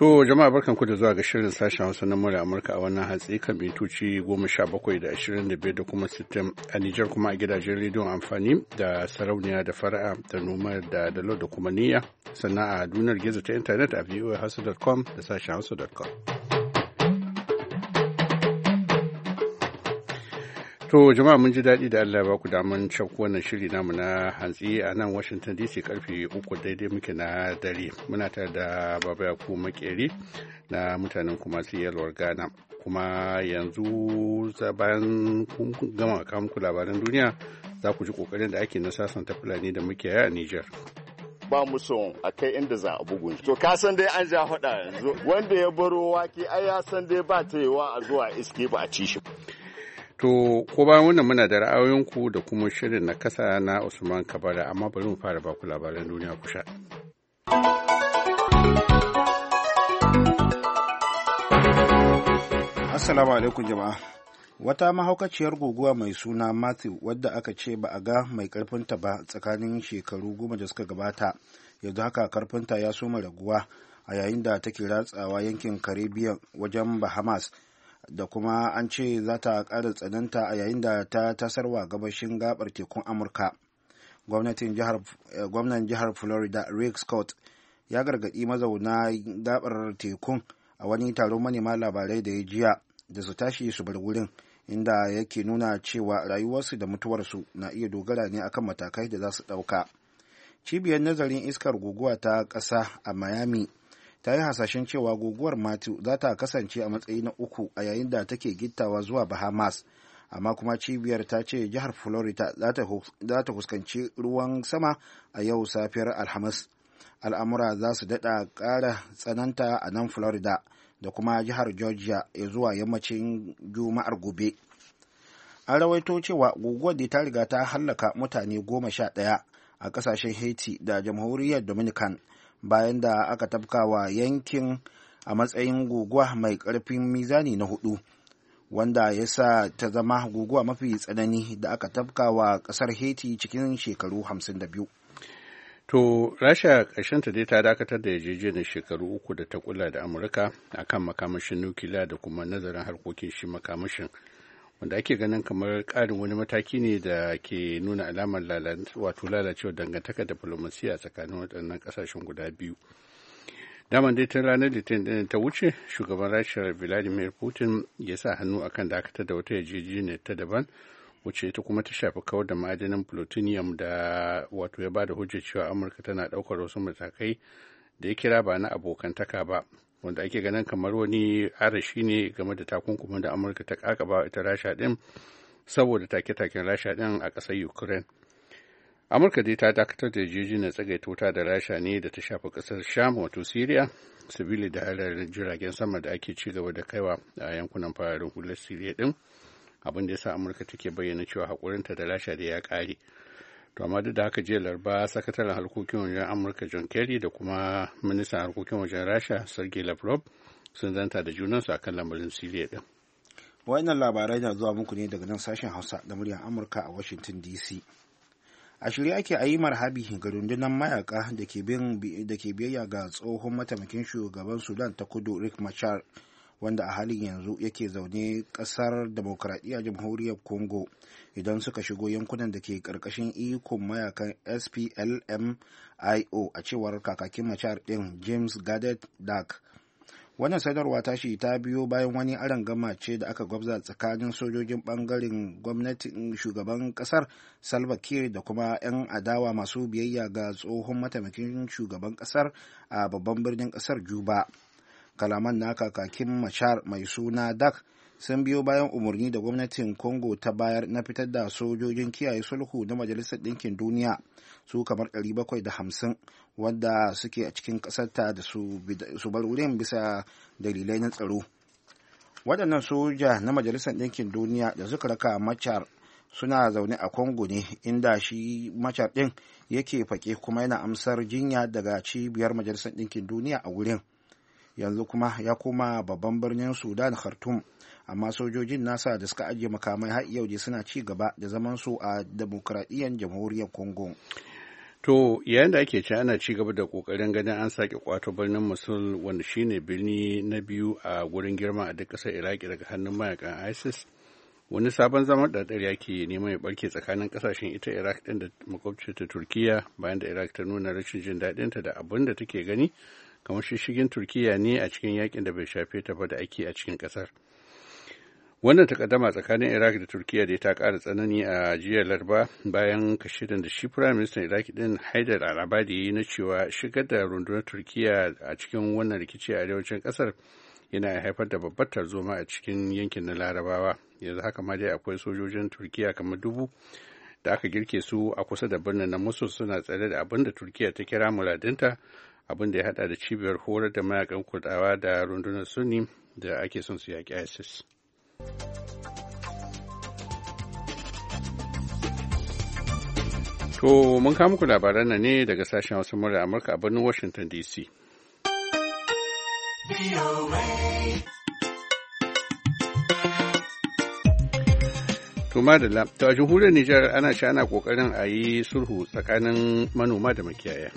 To jama'a barkan ku da zuwa ga shirin sashen Hausa na murya Amurka a wannan hatsi kan mintoci goma sha bakwai da ashirin da biyar da kuma sittin a Nijar kuma a gidajen rediyon amfani da sarauniya da fara'a da noma da dalo da kuma niyya sannan a duniyar gizo ta intanet a voahausa.com da sashen hausa.com. To jama'a mun ji daɗi da Allah ba ku damun cak wannan shiri namu na hantsi a nan Washington DC karfe uku daidai muke na dare. Muna tare da Baba Yakubu Makeri na mutanen kuma yalwar Ghana. Kuma yanzu bayan kun gama labaran duniya za ku ji kokarin da ake na sasanta Fulani da muke a Niger. ba mu son a kai inda za a bugun to ka san dai an ja faɗa yanzu wanda ya baro wake ai ya san dai ba ta yiwa a zuwa iske ba a ci shi To, ko bayan wannan muna da ra'ayoyinku da kuma shirin na kasa na Usman Kabara, amma bari mu fara baku labaran duniya kusa. Assalamu alaikum jama'a. Wata mahaukaciyar guguwa mai suna Matthew wadda aka ce ba a ga mai karfinta ba tsakanin shekaru goma da suka gabata, yanzu haka karfinta ya soma raguwa a yayin da take ratsawa yankin Caribbean wajen Bahamas. da kuma an ce za ta ƙara tsananta a yayin da ta tasarwa gabashin gabar tekun amurka eh, gwamnan jihar florida rick scott ya gargaɗi mazauna gabar tekun a wani taron manema labarai da ya jiya da su tashi su bar wurin inda yake nuna cewa rayuwarsu da mutuwarsu na iya dogara ne akan matakai da za su ɗauka cibiyar nazarin iskar guguwa ta ƙasa a miami ta yi hasashen cewa guguwar matthew za ta kasance a matsayi na uku a yayin da take gittawa zuwa bahamas amma kuma cibiyar ta ce jihar florida za ta fuskanci ruwan sama a yau safiyar alhamis al'amura za su daɗa ƙara tsananta a nan florida da kuma jihar georgia ya zuwa yammacin juma'ar gobe an rawaito cewa guguwar da ta riga ta hallaka mutane goma sha ɗaya a ƙasashen haiti da jamhuriyar dominican bayan da aka tafka wa yankin a matsayin guguwa mai karfin mizani na hudu wanda ya sa ta zama guguwa mafi tsanani da aka tafka wa ƙasar haiti cikin shekaru 52 To, Rasha ta dai ta dakatar da yarjejeniyar shekaru uku da ta kula da Amurka akan makamashin nukiliya da kuma nazarin harkokin shi makamashin wanda ake ganin kamar ƙarin wani mataki ne da ke nuna alamar wato lalacewa da diflomasiyya tsakanin waɗannan kasashen guda biyu daman dai tun ranar litinin ta wuce shugaban rasha vladimir putin ya sa hannu akan dakatar da wata yarjejeniya ta daban wuce ita kuma ta shafi kawar da ma'adanin plutonium da wato ya ba da hujjar cewa amurka tana ɗaukar wasu matakai da ya kira ba na abokantaka ba wanda ake ganin kamar wani arashi ne game da takunkumin da amurka ta kakaba ita rasha din saboda take-taken rasha din a ƙasar ukraine amurka dai ta dakatar da yarjejeniyar tsagaita wuta da rasha ne da ta shafi ƙasar sham wato syria sabili da halar jiragen sama da ake ci gaba da kaiwa a yankunan fararen hular syria din abin da ya sa amurka take bayyana cewa haƙurinta da rasha da ya ƙare to amma duk da haka jiya larba sakataren harkokin wajen amurka john kerry da kuma ministan harkokin wajen rasha sergei lavrov sun zanta da junansu akan lamarin siriya din wayannan labarai na zuwa muku ne daga nan sashen hausa da muryar amurka a washington dc a shirye ake a yi marhabi ga rundunar mayaka da ke biyayya ga tsohon mataimakin shugaban sudan ta kudu rick machar wanda a halin yanzu yake zaune kasar demokradiyya jamhuriyar congo idan suka shigo yankunan da ke karkashin ikon mayakan splmio a cewar kakakin machar din james gadet dark wannan sanarwa ta shi ta biyo bayan wani aron gama ce da aka gwabza tsakanin sojojin bangaren gwamnatin shugaban kasar salva kiir da kuma 'yan adawa masu biyayya ga tsohon mataimakin shugaban kasar a babban birnin kasar juba kalaman na kakakin machar mai suna dak sun biyo bayan umarni da gwamnatin congo ta bayar na fitar da sojojin kiyaye sulhu na majalisar ɗinkin duniya su kamar 750 wadda suke a cikin ƙasarta da su bar wurin bisa dalilai na tsaro waɗannan soja na majalisar ɗinkin duniya da suka raka machar suna zaune a congo ne inda shi machar ɗin yake fake kuma yana amsar jinya daga cibiyar majalisar ɗinkin duniya a wurin. yanzu kuma ya koma babban birnin sudan khartoum amma sojojin nasa da suka ajiye makamai har yau suna ci gaba da zaman su a demokradiyyar jamhuriyar congo To yayin da ake ci ana ci gaba da kokarin ganin an sake kwato birnin musul wanda shine birni na biyu a gurin girma a duk ƙasar Iraki daga hannun mayakan ISIS. Wani sabon zaman ɗaɗɗar ke neman ya ɓarke tsakanin ƙasashen ita Iraq ɗin da ta Turkiya bayan da Iraq ta nuna rashin jin daɗinta da abin da take gani kamar shishigin turkiya ne a cikin yakin da bai shafe ta ba da ake a cikin kasar wannan takaddama tsakanin iraq da turkiya da ta kara tsanani a jiya laraba bayan kashirin da shi prime minister iraq din haidar al yi na cewa shigar da rundunar turkiya a cikin wannan rikici a arewacin kasar yana haifar da babbar tarzoma a cikin yankin na larabawa yanzu haka ma dai akwai sojojin turkiya kamar dubu da aka girke su a kusa da birnin na musul suna tsare da abin da turkiya ta kira muradinta abin da ya hada da cibiyar horar da mayakan kurdawa da rundunar sunni da ake son su yaƙi isis to mun kama ku labaran nan ne daga sashen wasu murya amurka a birnin washington dc To madalla, to a jamhuriyar Nijar ana ci ana kokarin a yi sulhu tsakanin manoma da makiyaya.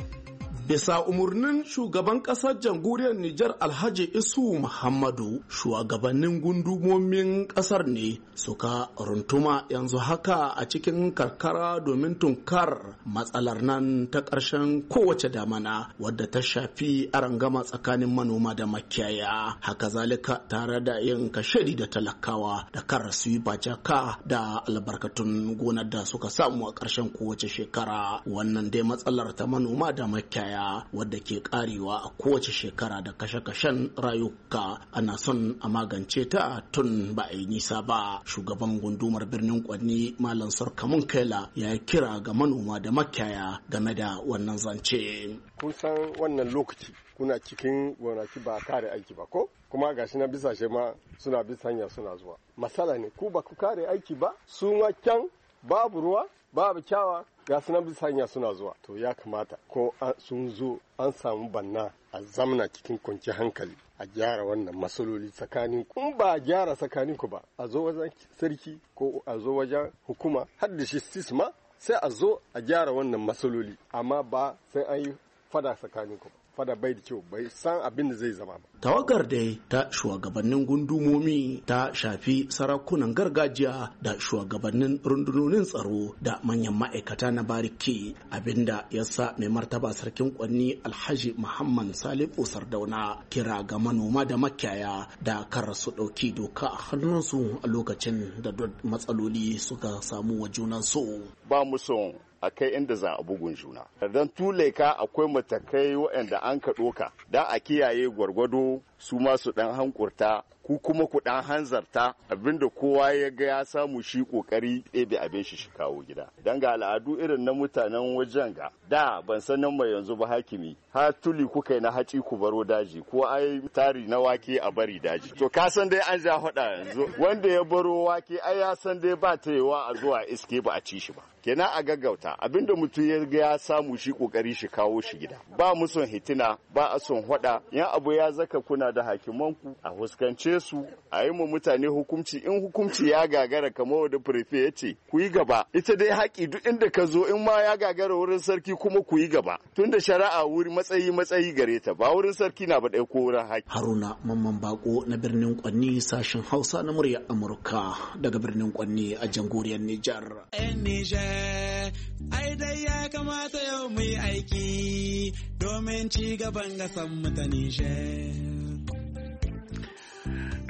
bisa umarnin shugaban ƙasar jamhuriyar Nijar Alhaji Isu Muhammadu shugabannin gundumomin ƙasar ne suka runtuma yanzu haka a cikin karkara domin tunkar matsalar nan ta ƙarshen kowace damana wadda ta shafi arangama tsakanin manoma da makiyaya haka zalika tare da yin kashedi da talakawa da kar su yi bajaka da albarkatun gonar da suka samu a ƙarshen kowace shekara wannan dai matsalar ta manoma da makiyaya baya wadda ke karewa a kowace shekara da kashe-kashen rayuka ana son a magance ta tun ba a yi nisa ba shugaban gundumar birnin kwanni malam sarkamun kaila ya kira ga manoma da makiyaya game da wannan zance kun san wannan lokaci kuna cikin gonaki ba kare aiki ba ko kuma ga shi na bisashe ma suna bisa hanya suna zuwa masala ne ku ba ku kare aiki ba su ma can babu ruwa babu kyawa ga sunan bisa hanya suna zuwa to ya kamata ko sun zo an samu banna a zamna cikin kunci hankali a gyara wannan matsaloli tsakanin kun ba gyara tsakanin ku ba a zo wajen sarki ko a zo wajen hukuma har da shi sisma sai a zo a gyara wannan matsaloli amma ba sai an yi fada tsakanin ku ba fada bai da kyau bai san abin da zai zama ba. Tawagar dai ta shugabannin gundumomi ta shafi sarakunan gargajiya da shugabannin rundunonin tsaro da manyan ma'aikata na bariki abinda ya sa mai martaba sarkin kwanni alhaji Muhammad Salim Salihu Dauna, kira ga manoma da makiyaya da kar su ɗauki doka a hannunsu a lokacin da matsaloli suka samu wa junan so. Ba mu son a kai inda za a bugun juna. Don tuleka akwai matakai waɗanda an ka ɗoka da a kiyaye gwargwado su masu ɗan hankurta ku kuma ku ɗan hanzarta abinda kowa ya ga ya samu shi kokari ɗebe abin shi shi kawo gida dan ga al'adu irin na mutanen wajen ga da ban san sanin mai yanzu ba hakimi ha tuli kuka na haci ku baro daji ko ai tari na wake a bari daji to ka san dai an ja hoda yanzu wanda ya baro wake ai ya san dai ba ta yawa a zuwa iske ba a ci shi ba kenan a gaggauta abinda mutum ya ga ya samu shi kokari shi kawo shi gida ba mu son hitina ba a son hoda yan abu ya zaka kuna da hakimanku a huskance bincike su a yi ma mutane hukunci in hukunci ya gagara kamar wadda prefe ya ce ku yi gaba ita dai haƙi duk inda ka zo in ma ya gagara wurin sarki kuma ku yi gaba da shari'a wuri matsayi matsayi gare ta ba wurin sarki na ba ko wurin haƙi. haruna mamman bako na birnin kwanni sashen hausa na murya amurka daga birnin kwanni a jamhuriyar nijar. ai dai ya kamata yau mu yi aiki domin ci gaban gasan mu ta nijar.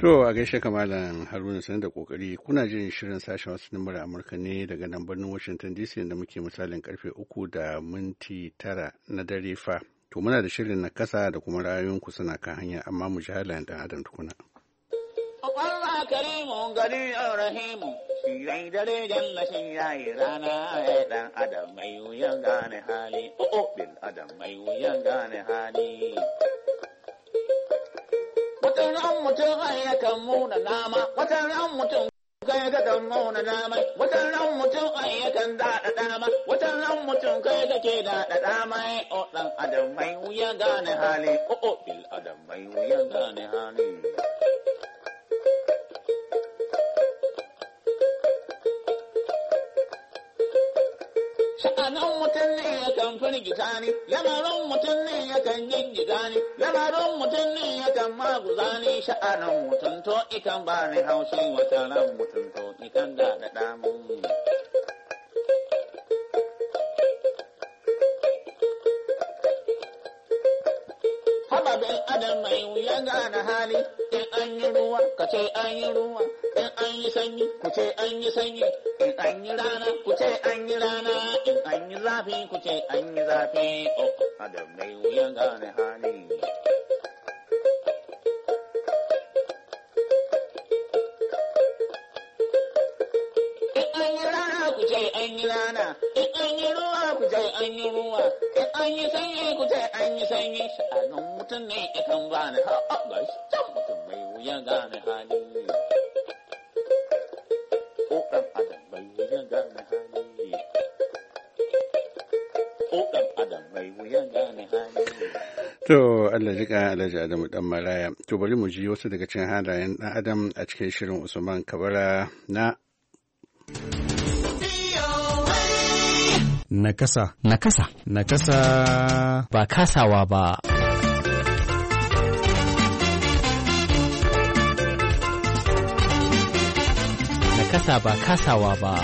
To a gaishe kamalan Haruna sanar da kokari kuna jin shirin sashen wasu namar Amurka ne daga nan birnin Washington DC da muke misalin karfe uku da minti tara na dare fa. To muna da shirin na kasa da kuma ra'ayoyin ku suna kan hanya amma mu ji halayen dan adam tukuna. Allah karimu gari rahimu shirai dare janna shirai rana ya dan adam mai wuyan gane hali. Oh, oh bil adam mai wuyan gane hali. wata ran mutum an yakan muna nama wata ran mutum kai ga kan muna nama wata ran mutum an yakan daɗa dama wata ran mutum kai ga ke daɗa dama o dan adam mai wuya gane hali o bil adam mai wuya gane hali sa'anan mutum ne ya kan firgita ne lamarin mutum ne ya kan gingida ne lamarin mutum ne ya kan maguza ne sha'anan mutum to ikan ba ni haushi wata ran mutum to ikan da da damun Haba bin adam mai wuya gane hali in an yi ruwa ka ce an yi ruwa an yi sanyi, ku ce an yi sanyi, in an yi rana, ku ce an yi rana, in an yi zafi, ku ce an yi zafi, oh, oh, oh. adam mai wuyan gane hali. ce an yi rana, in an yi ruwa ku ce an yi ruwa, in an yi sanyi ku ce an yi sanyi, sha'anin mutum ne ikan bani ha'a ga shi can mutum mai wuya gane hali. Allah jika Alhaji Adamu dan Maraya. To bari mu ji wasu daga cikin halayen dan Adam a cikin shirin Usman Kabara na Nakasa. Nakasa. Nakasa. Ba kasawa ba. Nakasa ba kasawa ba.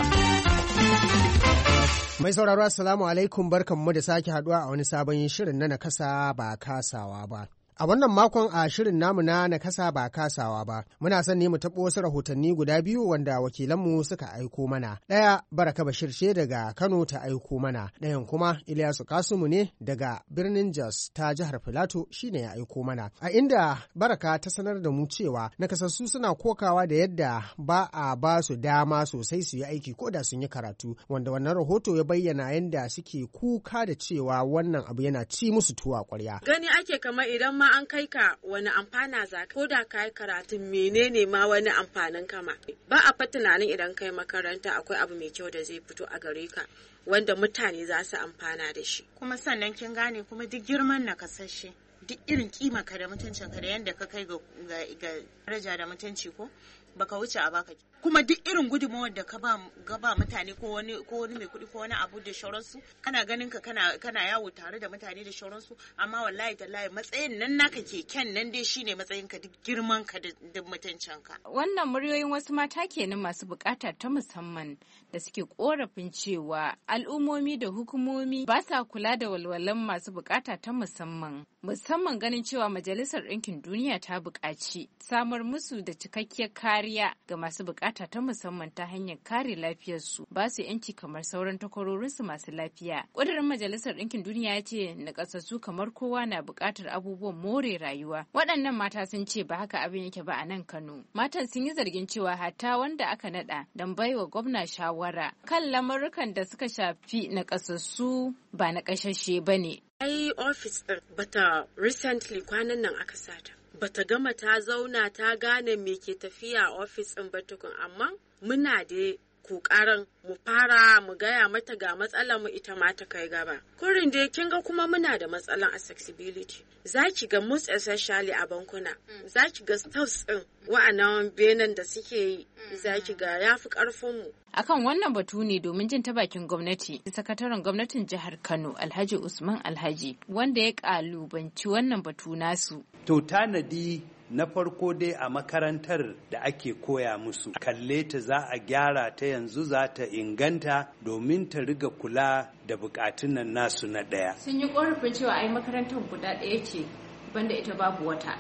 Mai sauraro Assalamu alaikum barkan mu da sake haduwa a wani sabon shirin na nakasa ba kasawa ba. A wannan makon a shirin namu na nakasa ba kasawa ba, muna son ne mu taɓo wasu rahotanni guda biyu wanda wakilanmu suka aiko mana. Ɗaya Baraka Bashir ce daga Kano ta aiko mana, ɗayan kuma Ilyasu Kasumu ne daga birnin Jos ta jihar Filato shi ne ya aiko mana. A inda Baraka ta sanar da mu cewa nakasassu suna kokawa da yadda ba a ba su dama sosai su yi aiki ko da sun yi karatu, wanda wannan rahoto ya bayyana yadda suke kuka da cewa wannan abu yana ci musu tuwa ƙwarya. Gani ake kamar idan ma an kai ka wani amfana za ko da ka yi karatun menene ma wani amfanin kama ba a fa tunanin idan kai makaranta akwai abu mai kyau da zai fito a gare ka wanda mutane za su amfana da shi kuma sannan kin gane kuma duk girman na kasashe duk irin kima ka da mutuncin ka da yadda ka kai ga daraja da mutunci ko baka wuce a baka kuma duk irin gudunmawar da ka ba mutane ko wani ko wani mai kuɗi ko wani abu da shauransu kana ganin ka kana kana yawo tare da mutane da shauransu amma wallahi tallahi matsayin nan naka keken nan dai shine matsayin ka duk girman ka da mutuncin ka wannan muryoyin wasu mata ke kenan masu bukata ta musamman da suke korafin cewa al'ummomi da hukumomi ba sa kula da walwalan masu bukata ta musamman musamman ganin cewa majalisar ɗinkin duniya ta buƙaci samar musu da cikakkiyar kariya ga masu bukata bukata ta musamman ta hanyar kare lafiyarsu ba su yanci kamar sauran su masu lafiya. Ƙudurin Majalisar Ɗinkin Duniya ya ce nakasassu kamar kowa na bukatar abubuwan more rayuwa. Waɗannan mata sun ce ba haka abin yake ba a nan Kano. Matan sun yi zargin cewa hatta wanda aka naɗa don baiwa gwamna shawara kan lamarukan da suka shafi nakasassu ba na ƙasashe ba ne. Ai ofis ɗin bata recently kwanan nan aka sata. Ba ta gama ta zauna ta gane me ke tafiya a ofis ɗin ba tukun amma muna da kokarin mu fara mu gaya mata ga matsalar mu ita ma ta kai gaba kurin da kin ga kuma muna da matsalar accessibility za ki ga most especially a bankuna mm. za ki ga staffs din wa'annan benen da suke yi mm. za ki ga yafi karfin mu akan wannan batu ne domin jin ta bakin gwamnati sakataren gwamnatin jihar Kano Alhaji Usman Alhaji wanda ya kalubanci wannan batu nasu to tanadi na farko dai a makarantar da ake koya musu kalle ta za a gyara ta yanzu za ta inganta domin ta riga kula da bukatun nan nasu na ɗaya sun yi korafin cewa ai makarantar guda ɗaya ce banda ita babu wata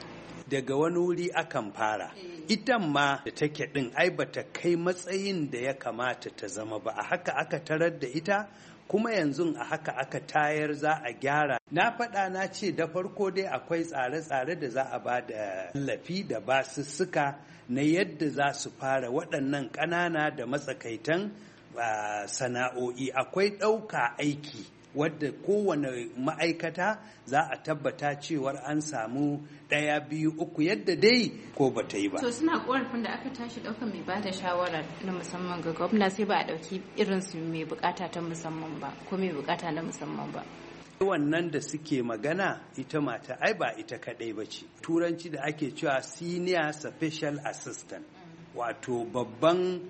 daga wani wuri akan fara eh. idan ma da take ɗin ai bata kai matsayin da ya kamata ta zama ba a haka aka tarar da ita kuma yanzu a haka aka tayar za a gyara na faɗa na ce da farko dai akwai tsare-tsare da za a ba da tallafi da basussuka na yadda za su fara waɗannan ƙanana da matsakaitan ah, sana'o'i akwai ɗauka aiki wadda kowane ma'aikata za a tabbata cewar an samu ɗaya biyu uku yadda dai ko ba ta yi ba. To suna korafin da aka tashi ɗaukar mai ba da shawara na musamman ga gwamna sai ba a ɗauki su mai bukata ta musamman ba ko mai bukata na musamman ba. wannan da suke magana ita mata ai ba ita kadai ba ce turanci da ake cewa senior special assistant wato babban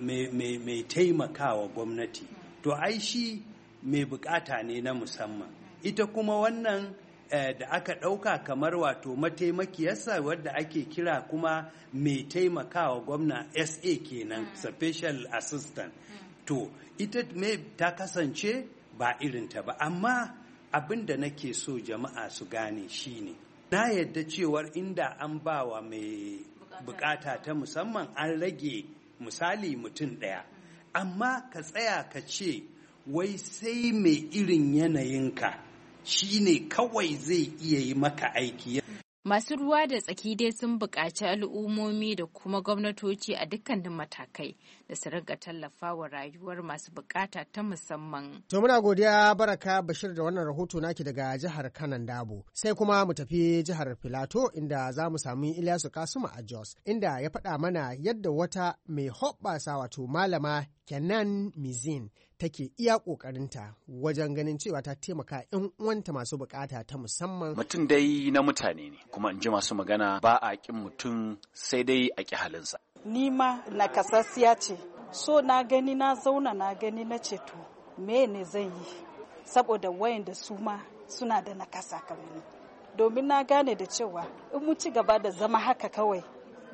mai taimakawa gwamnati to ai shi mai bukata ne na musamman ita kuma wannan eh, da aka ɗauka kamar wato mataimakiyarsa wadda ake kira kuma mai taimakawa gwamna sa kenan mm. special assistant mm. to ita mai ta kasance ba irinta ba amma abin da nake so jama'a su gane shine na yadda cewar inda an bawa mai bukata ta musamman an rage misali mutum ɗaya mm. amma ka tsaya ka ce wai sai mai irin yanayinka shi ne kawai zai iya yi maka aiki. Masu ruwa da tsaki dai sun buƙaci al'ummomi da kuma gwamnatoci a dukkanin matakai da su rinka tallafawa rayuwar masu bukata ta musamman. To muna godiya Baraka Bashir da wannan rahoto naki daga jihar Kanan Dabo. Sai kuma mu tafi jihar Filato inda za mu sami Ilyasu Kasuma a Jos inda ya faɗa mana yadda wata mai hoɓɓasa wato malama Kenan Mizin take iya ƙoƙarinta wajen ganin cewa ta taimaka 'yan uwanta masu bukata ta musamman. Mutum dai na mutane ne, kuma in ji masu magana ba a ƙin mutum sai dai a ƙi halinsa. nima ma kasasiya ce so na gani na zauna na gani na ceto to me ne zan yi saboda wayanda su ma suna da nakasa kamar domin na gane da cewa in mun ci gaba da zama haka kawai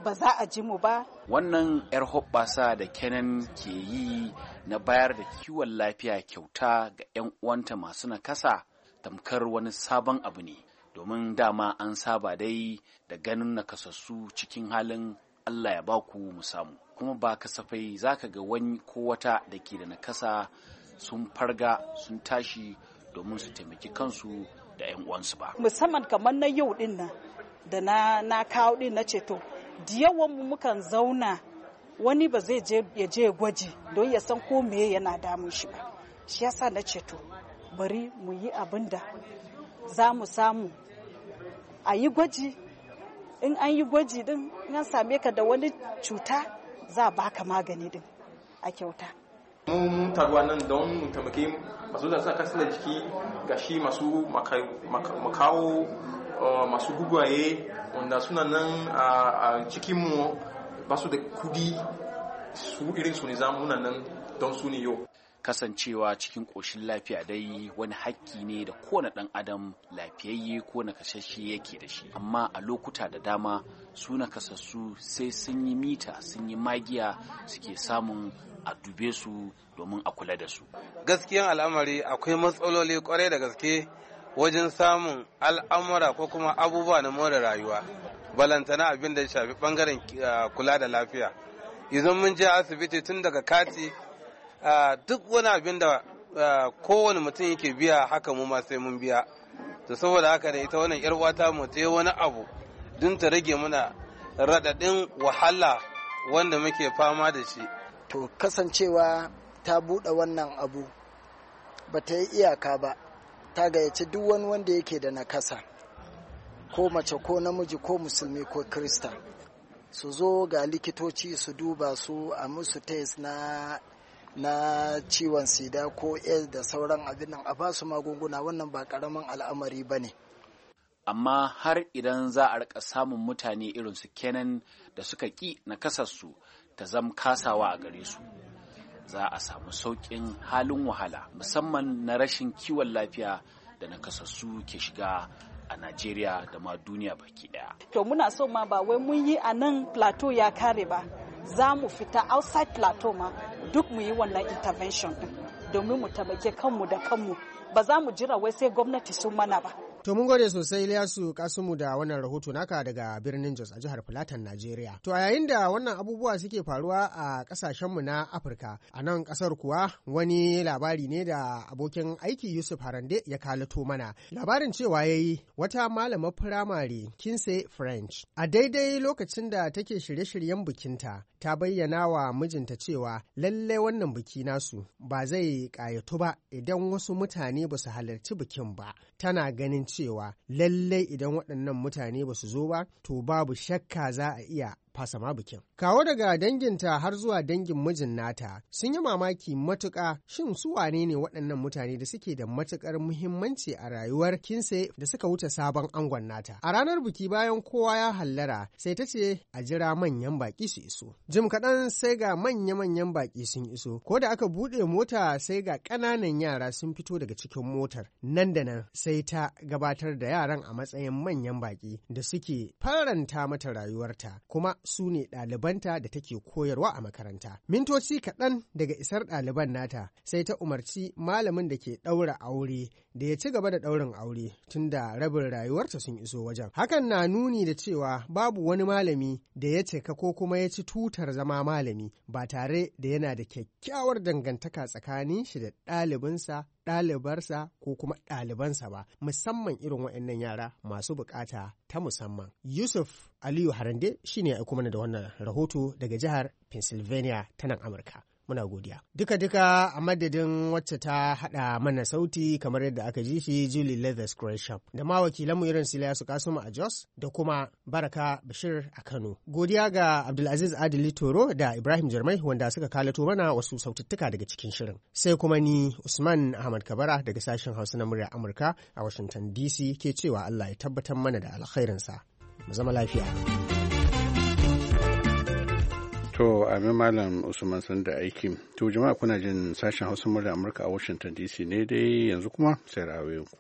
ba za a ji mu ba wannan 'yar hoɓɓasa da kenan ke yi na bayar da kiwon lafiya kyauta ga 'yan uwanta masu nakasa tamkar wani sabon abu ne domin dama an saba dai da ganin nakasassu cikin halin Allah ya baku mu samu kuma ba kasafai za ka ga wani ko wata da ke da nakasa sun farga sun tashi domin su taimaki kansu da 'yan uwansu ba musamman kamar na yau din nan da na, kawo din na ceto da yawan mu mukan zauna wani ba zai je ya je gwaji don ya san ko me yana damun shi ba shi yasa na ceto bari mu yi abin da za mu samu a yi gwaji in an yi gwaji din in an same ka da wani cuta za a baka magani din a kyauta mun taruwa nan don mu taimake masu da kasar jiki ga shi masu makawo eh, masu gugwaye wanda suna nan a cikinmu ba su da kudi su irin su ne muna nan don su ne yau kasancewa cikin ƙoshin lafiya dai wani hakki ne da kowane ɗan adam lafiyayye ko na kashashe yake da shi amma a lokuta da dama su nakasassu sai sun yi mita sun yi magiya suke samun a dube su domin a kula da su gaskiyan al'amari akwai matsaloli kwarai da gaske wajen samun al'amura ko kuma abubuwa na more rayuwa balantana abin da ya shafi bangaren eh, kula da lafiya idan mun je asibiti tun daga kati duk wani abin da kowane mutum yake biya haka mu ma sai mun biya to saboda haka da ita wannan yar uwata mu ta wani abu don ta rage muna radadin wahala wanda muke fama da shi to kasancewa ta buɗe wannan abu ba ta yi iyaka ba ta gayyace duk wani wanda yake da nakasa ko mace ko namiji ko musulmi ko krista su zo ga likitoci su duba su a musu test na na ciwon sida ko aids da sauran abin nan a basu magunguna wannan ba karamin al'amari ba ne amma har idan za a rika samun mutane irin su kenan da suka ƙi na kasarsu ta zam kasawa a gare su za a samu sauƙin halin wahala musamman na rashin kiwon lafiya da na kasassu ke shiga a Najeriya da ma duniya baki ɗaya. To muna so ma ba wai mun yi a nan plateau ya kare ba, za mu fita outside plateau ma duk mu yi wannan intervention din domin mu taimake kanmu da kanmu ba za mu jira wai sai gwamnati sun mana ba To mun gode sosai Ilyasu Kasumu da wannan rahoto naka daga birnin Jos a jihar Filatan Najeriya. To a yayin da wannan abubuwa suke faruwa a kasashenmu na Afirka, a nan kasar kuwa wani labari ne da abokin aiki Yusuf Harande ya kalato mana. Labarin cewa ya yi wata malamar firamare Kinse French. A daidai lokacin da take shirye-shiryen bikinta, ta bayyana wa mijinta cewa lalle wannan biki nasu ba zai ƙayatu ba idan wasu mutane ba su halarci bikin ba. Tana ganin cewa lallai idan waɗannan mutane ba su zo ba to babu shakka za a iya fasa bikin. Kawo daga danginta har zuwa dangin mijin nata sun yi mamaki matuka shin su wane ne waɗannan mutane da suke da matukar muhimmanci a rayuwar Kinse da suka wuce sabon angon nata. A ranar biki bayan kowa ya hallara sai ta ce a jira manyan baƙi su iso. Jim kaɗan sai ga manya-manyan baƙi sun iso ko da aka buɗe mota sai ga ƙananan yara sun fito daga cikin motar nan da nan sai ta gabatar da yaran a matsayin manyan baƙi da suke faranta mata rayuwarta kuma su ne ɗalibanta da take koyarwa a makaranta. Mintoci kaɗan daga isar ɗaliban nata sai ta umarci malamin da ke ɗaura aure da ya ci gaba da ɗaurin aure tun da rabin rayuwarta sun iso wajen. Hakan na nuni da cewa babu wani malami da ya cika ko kuma ya ci tutar zama malami ba tare da yana da kyakkyawar dangantaka tsakanin shi da ɗalibinsa ɗalibarsa ko kuma ɗalibansa ba musamman irin waɗannan yara masu bukata ta musamman. Yusuf Aliyu Harande shine ya aiko mana da wannan rahoto daga jihar Pennsylvania ta nan Amurka. muna godiya duka-duka a madadin wacce ta haɗa mana sauti kamar yadda aka ji shi julie leathers gresham da ma wakilanmu irin siliyasu kasuma a jos da kuma baraka bashir a kano godiya ga abdulaziz adili toro da ibrahim jarmai wanda suka kalato mana wasu saututtuka daga cikin shirin sai kuma ni usman ahmad kabara daga sashen hausa na murya amurka a washington dc ke cewa allah ya tabbatar mana da alkhairinsa mu zama lafiya. To, amin Malam Usman sun da aiki. To, jama'a kuna jin sashen Hausa murya Amurka a Washington DC ne dai yanzu kuma sai ra'ayoyinku.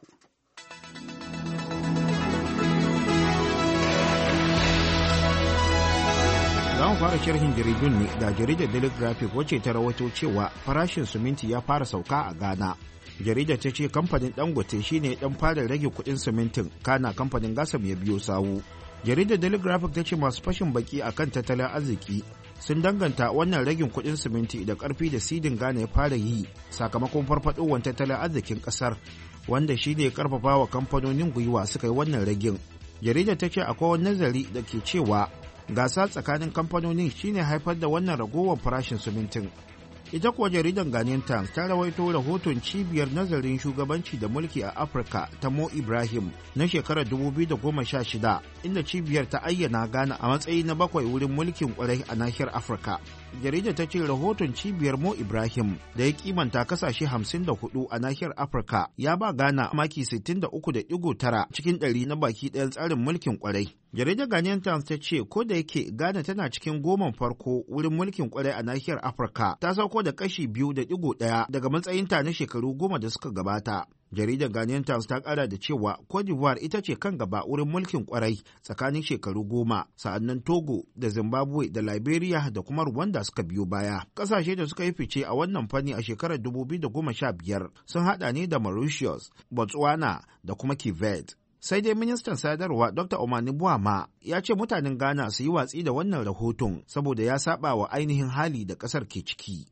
Za mu fara sharhin jaridun ne da jaridar Daily Graphic wacce ta rawato cewa farashin siminti ya fara sauka a Ghana. jarida ta ce kamfanin dangote shine dan fadar rage kuɗin simintin kana kamfanin gasam ya biyo sawu jaridar Graphic ta ce masu fashin baki akan tattalin arziki sun danganta wannan ragin kuɗin siminti da karfi da sidin gane ya fara yi sakamakon farfadowar tattalin arzikin ƙasar wanda shi ne karfafa wa kamfanonin gwiwa suka yi wannan ragin. Jaridar ta ce akwai wani nazari da ke cewa gasa tsakanin kamfanonin shine haifar da wannan ragowar farashin simintin. ita kuwa jaridan Ghanaian Times ta rawaito rahoton cibiyar nazarin shugabanci da mulki a Afirka ta Mo Ibrahim na shekarar 2016 inda cibiyar ta ayyana Ghana a matsayi na bakwai wurin mulkin kwarai a nahiyar Afirka. Jarida ta ce rahoton cibiyar mo ibrahim da ya kimanta kasashe 54 a nahiyar afirka ya ba ghana maki 63.9 cikin ɗari na baki ɗayan tsarin mulkin kwarai Jarida ghanaian times ta ce ko da yake ghana tana cikin goman farko wurin mulkin kwarai a nahiyar afirka ta sauko da kashi biyu da digo ɗaya daga matsayinta na shekaru goma da suka gabata jaridar Ghanaian Times ta kara da cewa Cote d'Ivoire ita ce kan gaba wurin mulkin kwarai tsakanin shekaru goma sa'annan Togo da Zimbabwe da Liberia da kuma Rwanda suka biyo baya. Kasashe da suka yi fice a wannan fanni a shekarar 2015 sun hada ne da Mauritius, Botswana da kuma Kivet. sai dai ministan sadarwa dr omani buama ya ce mutanen ghana su yi watsi da wannan rahoton saboda ya saba wa ainihin hali da ƙasar ke ciki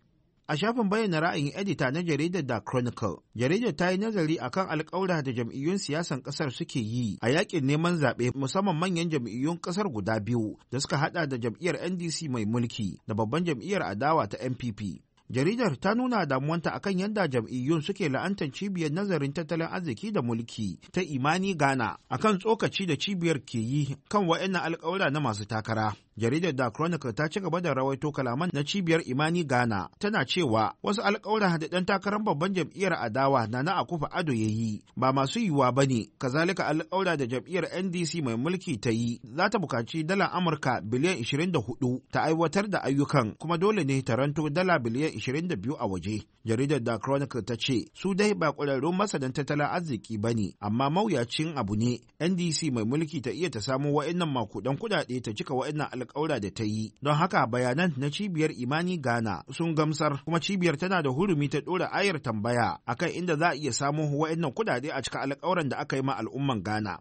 A shafin bayyana ra'ayin edita na jaridar da Chronicle, jaridar ta yi nazari a kan alkawura da jam'iyyun siyasan ƙasar suke yi a yakin neman zaɓe musamman manyan jam'iyyun ƙasar guda biyu da suka haɗa da jam'iyyar NDC mai mulki da babban jam'iyyar adawa ta NPP. jaridar ta nuna damuwanta akan yadda jam'iyyun suke la'antar cibiyar nazarin tattalin arziki da mulki ta imani ghana akan tsokaci da cibiyar ke yi kan wa'annan alkawura na masu takara jaridar da chronicle ta ci gaba da rawaito kalaman na cibiyar imani ghana tana cewa wasu alkawura da ɗan takarar babban jam'iyyar adawa na na akufa ado ya yi ba masu yiwuwa ba ne kazalika alkawura da jam'iyyar ndc mai mulki ta yi za ta buƙaci dala amurka biliyan 24 ta aiwatar da ayyukan kuma dole ne ta ranto dala biliyan 22 a waje. Jaridar da Chronicle ta ce su dai ba ƙwararrun masanin tattalin arziki ba ne, amma mawuyacin abu ne NDC mai mulki ta iya ta samu wa'annan makudan kuɗaɗe ta cika wa'inan alƙawura da ta yi. Don haka bayanan na cibiyar Imani Ghana sun gamsar kuma cibiyar tana da hurumi ta ɗora ayar tambaya akan inda za a iya samu wa'inan kuɗaɗe a cika alƙawuran da aka yi ma al'umman Ghana.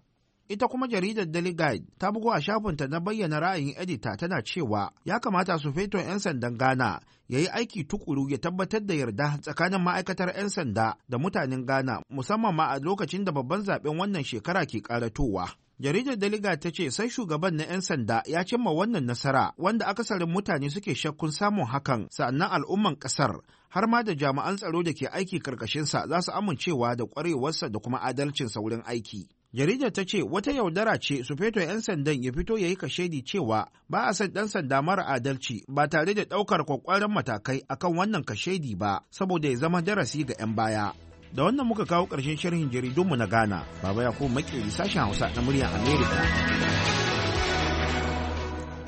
Ita kuma jaridar Daily Guide ta bugo a shafinta na bayyana ra'ayin edita tana cewa ya kamata su feton 'yan sandan Ghana ya yi aiki tukuru ya tabbatar da yarda tsakanin ma'aikatar 'yan sanda da mutanen Ghana musamman ma a lokacin da babban zaben wannan shekara ke karatowa. Jaridar Daliga ta ce sai shugaban na 'yan sanda ya cimma wannan nasara wanda akasarin mutane suke shakkun samun hakan sannan al'umman kasar har ma da jami'an tsaro da ke aiki karkashinsa za su amincewa da kwarewarsa da kuma adalcinsa wurin aiki. jaridar ta ce wata yaudara ce su feto 'yan sandan ya fito ya yi kashedi cewa ba a san ɗan sanda mara adalci ba tare da ɗaukar kwakwaran matakai akan wannan kashedi ba saboda ya zama darasi ga 'yan baya da wannan muka kawo ƙarshen sharhin jaridunmu na ghana baba ya kuma makeri sashen hausa na muryar america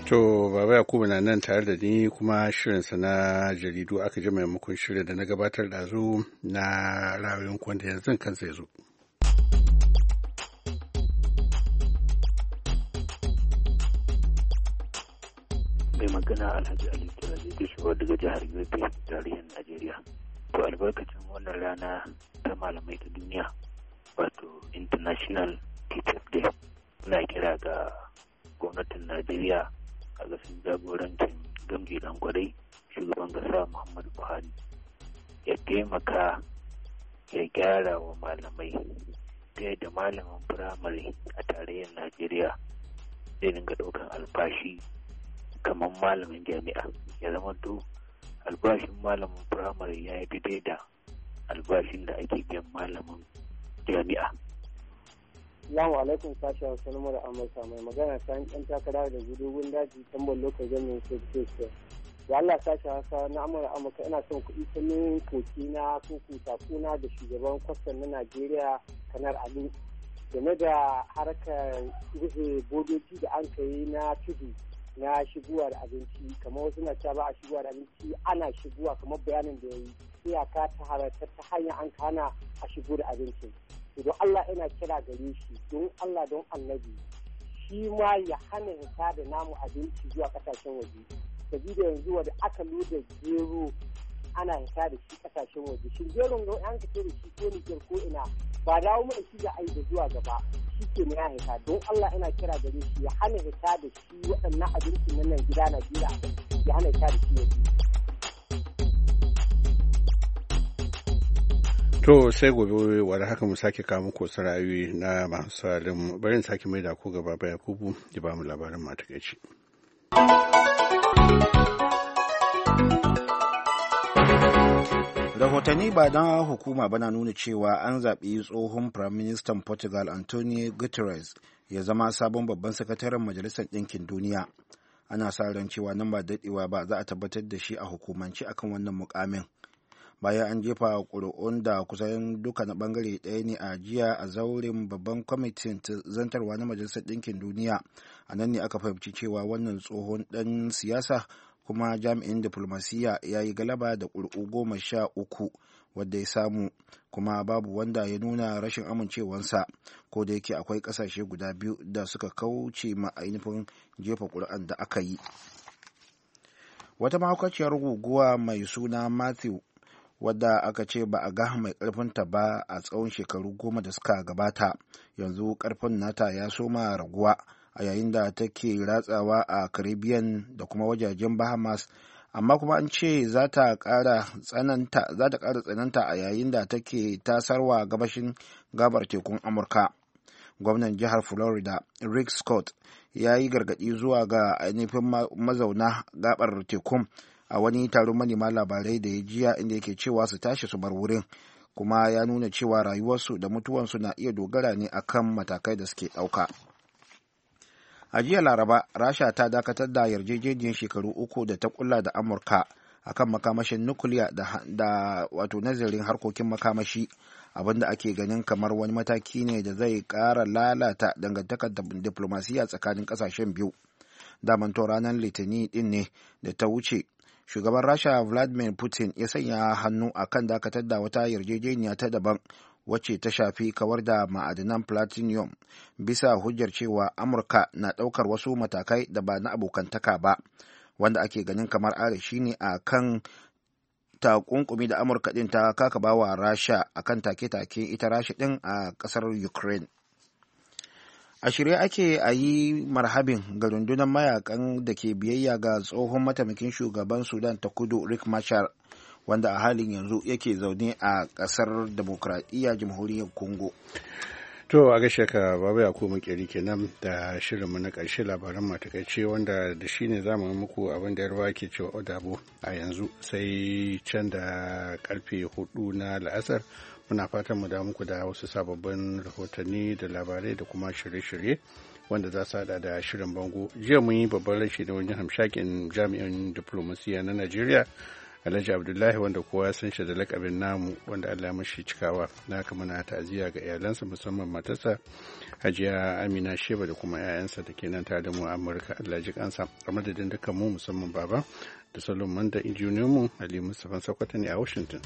To, Baba Yakubu na nan tare da ni kuma shirinsa na jaridu aka ji maimakon shirin da na gabatar da zo na rayuwar kwanta yanzu kansa ya zo. mai magana alhaji ali turaje da shi daga jihar yobe tarihin najeriya to albarkacin wannan rana ta malamai ta duniya wato international Teacher day na kira ga gwamnatin najeriya a gasin jagorancin gamji dan kwadai shugaban gasa muhammadu buhari ya taimaka ya gyara wa malamai ta yadda malamin firamare a tarayyar najeriya zai dinga ɗaukan albashi kamar malamin jami'a ya zama to albashin malamin firamare ya yi da albashin da ake biyan malamin jami'a. lamu alaikum sashen wasu na mura Amurka mai magana ta yan takara da gudugun daji tambar lokacin gamin Sojoji. Da Allah sashen Hausa na Amurka Amurka ina son kuɗi nuna koki na ko kuna da shugaban kwastan na Najeriya kanar Ali game da harkar rufe bodoji da an kai na tudu na shigowa da abinci kamar wasu na cewa a shigowa da abinci ana shigowa kamar bayanin da ya yi iyaka ta harata ta hanyar an kana a shigo da abinci don Allah yana kira gare shi don Allah don annabi shi ma ya hana hita da namu abinci zuwa kasashen waje sabida yanzu da aka lura gero ana hita da shi kasashen waje shin jerin ruwan an fito da shi ko nijar ko ina ba dawo mu da shi da a da zuwa gaba shi ke ya hita don allah ina kira gare shi ya hana hita da shi waɗannan abincin nan gida na gida ya hana hita da shi waje. To sai gobe wadda haka mu sake kamun muku wasu na masu salim barin sake mai da ko gaba baya kubu ya ba mu labarin matakaici. rahotanni ba na hukuma ba na nuna cewa an zaɓi tsohon firaministan portugal antonio guterres ya zama sabon babban sakataren majalisar ɗinkin duniya ana sa ran cewa nan ba daɗewa ba za a tabbatar da shi a hukumance akan wannan mukamin bayan an jefa ƙuri'un da kusan duka na ɓangare ɗaya ne a jiya a zaurin babban kwamitin zantarwa na majalisar ɗinkin duniya a nan ne aka fahimci cewa wannan tsohon ɗan siyasa kuma jami'in diflomasiyya ya yi galaba da ƙuri'u goma sha uku wadda ya samu kuma babu wanda ya nuna rashin amincewansa ko da yake akwai ƙasashe guda biyu da suka kauce ma ainihin jefa ƙuri'an da aka yi wata mahaukaciyar guguwa mai suna matthew wadda aka ce ba a ga mai karfinta ba a tsawon shekaru goma da suka gabata yanzu karfin nata ya soma raguwa a yayin da take ratsawa a caribbean da kuma wajajen bahamas amma kuma an ce za ta kara tsananta a yayin da take tasarwa gabashin gabar tekun amurka gwamnan jihar florida rick scott ya yi gargadi zuwa ga ainihin mazauna gabar tekun a wani taron manema labarai da ya jiya inda yake cewa su tashi su bar wurin kuma ya nuna cewa rayuwarsu da mutuwansu na iya dogara ne akan matakai da suke ɗauka. a jiya laraba rasha ta dakatar da yarjejeniyar shekaru uku da ta kulla da amurka akan makamashin nukuliya da, wato nazarin harkokin makamashi abinda ake ganin kamar wani mataki ne da zai kara lalata dangantakar diplomasiya tsakanin kasashen biyu damanto ranar litinin din ne da ta wuce shugaban rasha vladimir putin ya sanya hannu akan dakatar da wata yarjejeniya ta daban wacce ta shafi kawar da ma'adinan platinum bisa hujjar cewa amurka na ɗaukar wasu matakai da ba na abokantaka ba wanda ake ganin kamar shi ne a kan takunkumi da amurka ɗin ta ba wa rasha a kan take-take ita rasha ɗin a ƙasar ukraine a shirye ake a yi marhabin ga rundunar mayakan da ke biyayya ga tsohon mataimakin shugaban sudan ta kudu rick machar wanda a halin yanzu yake zaune a kasar demokradiyya jamhuriyar congo to a gashe ka babu ya kuma kiri kenan da shirinmu na ƙarshe labaran matakaice wanda da shi ne zamu muku abin da yarwa ke cewa odabo a yanzu sai can da karfe hudu na la'asar muna fatan mu da muku da wasu sababbin rahotanni da labarai da kuma shirye-shirye wanda za su hada da shirin bango jiya mun yi babban rashi da wani hamshakin jami'in diplomasiya na najeriya alhaji abdullahi wanda kowa san shi da lakabin namu wanda allah mashi cikawa na haka muna ta'aziyya ga iyalansa musamman matarsa hajiya amina sheba da kuma 'ya'yansa da ke nan da mu a amurka allah ji kansa a madadin dukkan mu musamman baba da salon manda injiniyanmu ali mustapha sakwata ne a washington